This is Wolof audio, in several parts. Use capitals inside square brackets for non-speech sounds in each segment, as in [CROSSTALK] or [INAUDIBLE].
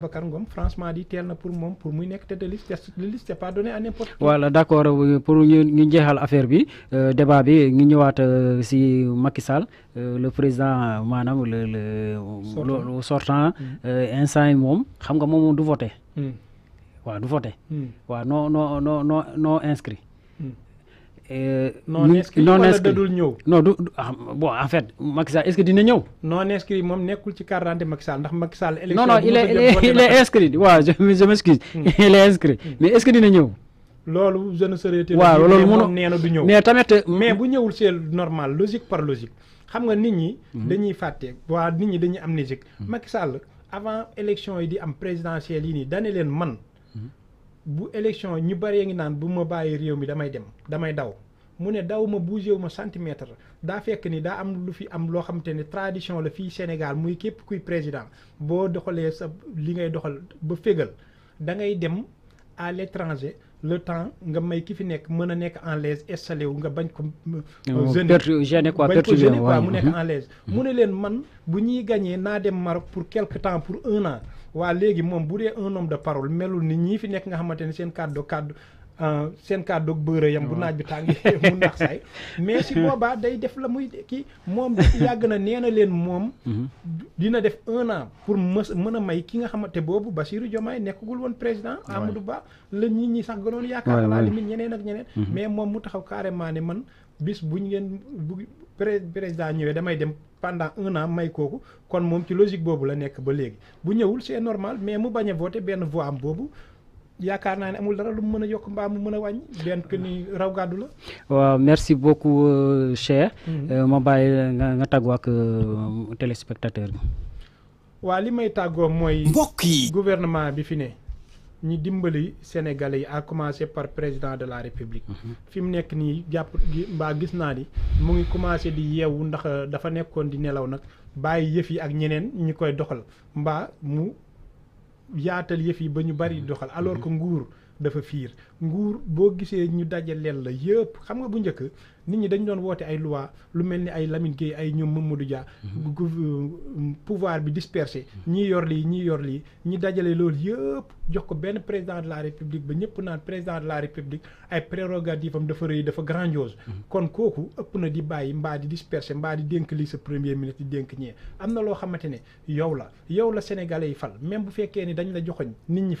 france Ngom franchement pour moi pour liste liste pas à n'importe qui. voilà d'accord euh, pour nous nous affaire bi euh, débat euh, si Macky le président manam le le. sortant mm. Euh, non inscrit non inscrit wala dadul ñëw. non ah, bon en fait Macky Sall est-ce que dina ñëw. non inscrit mom nekkul ci carte d'identité Macky Sall ndax Macky Sall. élection non non il est il est inscrit waaw je je m'excuse. Mm. [LAUGHS] il est inscrit mm. mais est-ce que dina ñëw. loolu je ne serai te. waaw loolu moom nee du ñëw mais tamit. Euh, mais bu ñëwul c'est normal logique par logique xam nga nit ñi. Mm-hmm. dañuy fàtte wa nit ñi dañuy amnésique. Mm. Macky Sall avant élection yi di am présidentielle yi ni dane leen man. bu élection ñu bëree ngi naan bu ma bàyyi réew mi damay dem damay daw mu ne daw ma bougé wu ma centimètre daa fekk ni daa am lu fi am loo xamante ne tradition la fii Sénégal muy képp kuy président boo doxalee sa li ngay doxal ba fégal da ngay dem à l'étranger le temps nga may ki fi nekk mën a nekk en l'aise installé wu nga bañ ko. Euh, gêné quoi perturbé quoi mu nekk en mhm. l'aise. Mhm. mu ne leen man bu ñuy gañee naa dem Maroc pour quelque temps pour un an waa léegi moom bu dee un homme de parole melul ni ñii fi nekk nga xamante ne seen kàddu kàddu. Euh, seen kàddoog bëre yam bu naaj bi tàngee [LAUGHS] mu nax say mais si boobaa day def la muy kii moom yàgg na nee na leen moom mhm. dina def un an pour mës mën a may ki nga xamante boobu Bassirou Diomaye nekkagul woon président Amadou Ba la nit ñi sax gënoon yaakaar naa limite ñeneen ak ñeneen mhm. mais moom mu taxaw carrément ne man bis bu buñ ngeen bu président ñëwee damay dem pendant un an may kooku kon moom ci logique boobu la nekk ba léegi bu ñëwul c'est normal mais mu bañ a voté benn voix am boobu yaakaar naa ne amul dara lu mu mën a yokk mbaa mu mën a wàññi benn que ni raw gàddu la. waaw merci beaucoup euh, Cheikh. Mhm. Euh, ma bàyyi nga nga tàggoo ak euh, téléspectateur bi. waa li may tàggoo mooy. mbokk yi gouvernement bi fi ne. ñi dimbali Sénégalais yi à par président de la république. Mhm. fi mu nekk nii jàpp mbaa gis naa ni mu ngi commencé di yeewu ndax dafa nekkoon di nelaw nag bàyyi yëf yi ak ñeneen ñi koy doxal mbaa mu. yaatal yëf yi ba ñu bari doxal alors que nguur dafa fiir nguur boo gisee ñu dajaleel la xam nga bu nit ñi dañ doon ay loi lu ay Lamine ay Mamadou mhm. pouvoir bi dispersé yor yor ñi jox président de la république ba ñëpp président de la république ay prérogative am dafa rëy dafa grandiose mhm. kon ëpp na di di di premier ministre di dénk ñee am sénégalais fal même bu fekkee ni dañ la joxoñ nit ñi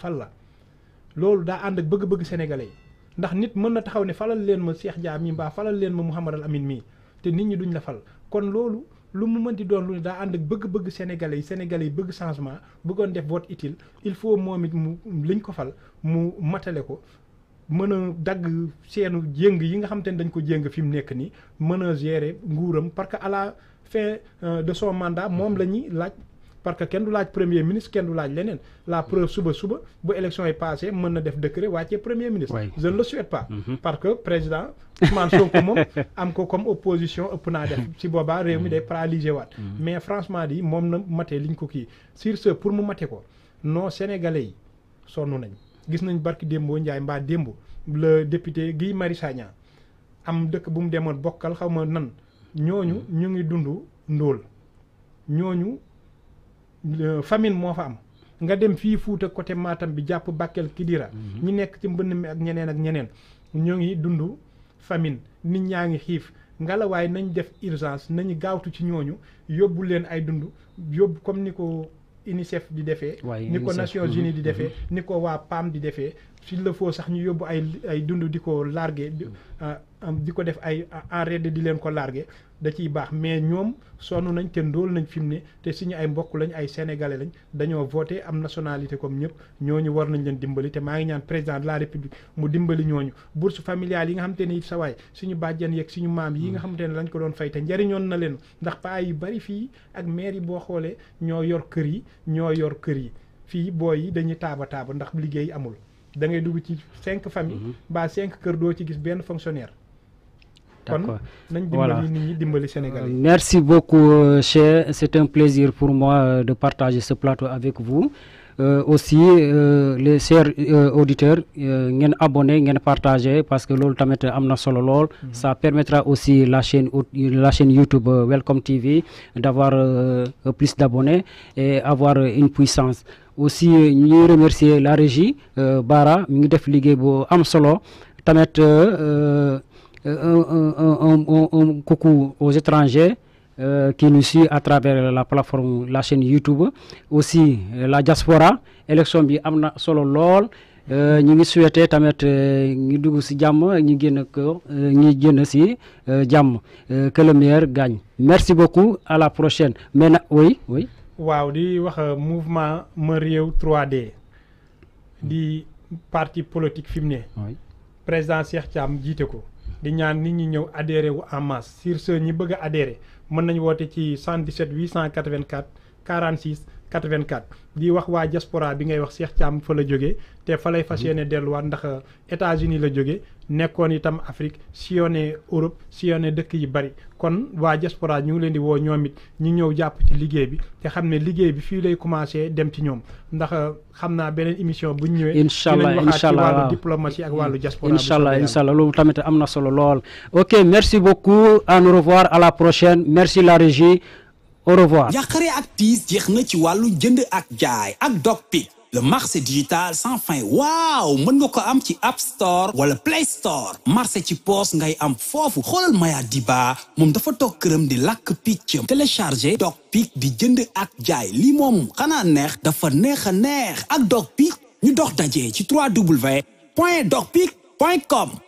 loolu daa ànd ak bëgg-bëgg sénégalais yi ndax nit mën na taxaw ne falal leen ma Cheikh Dia mii mbaa falal leen ma Mouhamadal Amine mii te nit ñi duñ la fal kon loolu lu mu mën di doon lu ne daa ànd ak bëgg-bëgg sénégalais yi sénégalais yi bëgg changement bëggoon def vote utile il faut moom it mu liñ ko fal mu matale ko mën a dagg seenu jéng yi nga xam te ne dañ ko jéng fi mu nekk nii mën a gérer nguuram parce que à la fin euh, de son mandat moom la ñuy laaj parce que kenn du laaj premier ministre kenn du laaj leneen la mm-hmm. preuve suba suba bu élection yi passé mën na def décret wàccee premier ministre je ne le souhaite pas mm-hmm. parce que président Ousmane Sonko moom [LAUGHS] am ko comme opposition ëpp naa def si boobaa réew mi mm-hmm. day paralysé waat mais franchement di moom na matee liñ ko kii sur ce pour mu mate ko non sénégalais yi sonn nañ gis nañ barki démboo Ndiaye mbaa démbo le député Guy Marius Sagna am dëkk bu mu demoon bokkal xaw ma nan ñooñu ñu ngi dund ndóol ñooñu Euh, famine moo fa am nga dem fii Fuuta côté Matam bi jàpp Bakel Kidira mhm. ñi nekk ci mbënn mi ak ñeneen ak ñeneen ñoo ngi dundu famine nit ñaa ngi xiif ngalawaay nañ def urgence nañu gaawtu ci ñooñu yóbbu leen ay dundu yóbbu comme ni ko UNICEF di defee ni ko Nations mhm, di mhm. defee ni ko waa PAM di defee suñu le faut sax ñu yóbbu ay ay dund di ko largué di hmm. ah, ko def ay ah, enrede di leen ko largué da ciy baax mais ñoom sonn nañ te ndóol nañ fi mu ne te suñu ay mbokk lañ ay sénégalais lañ dañoo voté am nationalité comme ñëpp ñu war nañ leen dimbali te maa ngi ñaan président de la république mu dimbali ñooñu bourse familiale yi nga xam te ne it sawaay suñu bàjjan yeeg suñu maam yi nga hmm. xam te ne lañ ko doon fay te njariñoon na leen ndax paa yu bari fii ak maire yi boo xoolee ñoo yor kër yi ñoo yor kër yi fii booy yi dañuy taaba taaba ndax liggéey amul da ngay dugg ci cinq famille mhm. mbaa cinq kër doo ci gis benn fonctionnaire Voilà. Merci beaucoup, euh, cher. C'est un plaisir pour moi euh, de partager ce plateau avec vous. Euh, aussi les chers auditeurs ngeen abonné partagé parce que loolu tamit amna solo mhm. ça permettra aussi la chaîne la chaîne YouTube Welcome TV d'avoir plus d'abonnés et avoir une puissance aussi nous remercier la régie Bara mi ngi def solo un, coucou aux étrangers. Euh, qui nous suivent à travers la plateforme la chaîne YouTube aussi euh, la diaspora élection bi amna solo lool euh, ñu ngi souhaiter que le meilleur gagne merci beaucoup à la prochaine mais oui oui. waaw di mouvement ma 3D di parti politique féminin oui. président Cheikh dit di ñaan nit ñi ñëw adhéré wu en masse sur ñi bëgg a mën nañu woote ci 77 884 46. 84 di wax wa diaspora bi ngay wax Cheikh Thiam fa la jógee té fa lay fas délu mhm. delluwaat ndax euh, États-Unis la jógee nekkoon itam Afrique sioné Europe sioné dëkk yi bari kon wa diaspora ñu ngi leen di wo ñomit ñi ñu ñëw jàpp ci liggéey bi té xamné liggéey bi fi lay commencé dem ci ñom ndax euh, xamna benen émission bu ñëwé inshallah inshallah allah diplomatie ak wàllu diaspora. inshallah inshallah incha allah loolu tamit am solo lool. ok merci beaucoup à nous revoir à la prochaine merci la régie. Au revoir. Yaqare ak tiis jeex na ci wàllu ak jaay ak le marché digital sans fin wow mën nga ko am ci app store wala play store marché ci pos ngay am fofu. xoolal Maya Diba moom dafa toog de di lakk Télécharger Doc Pic di jënd ak jaay Li mom xanaa neex dafa neex neex ak Docpic ñu dox daje ci 3w point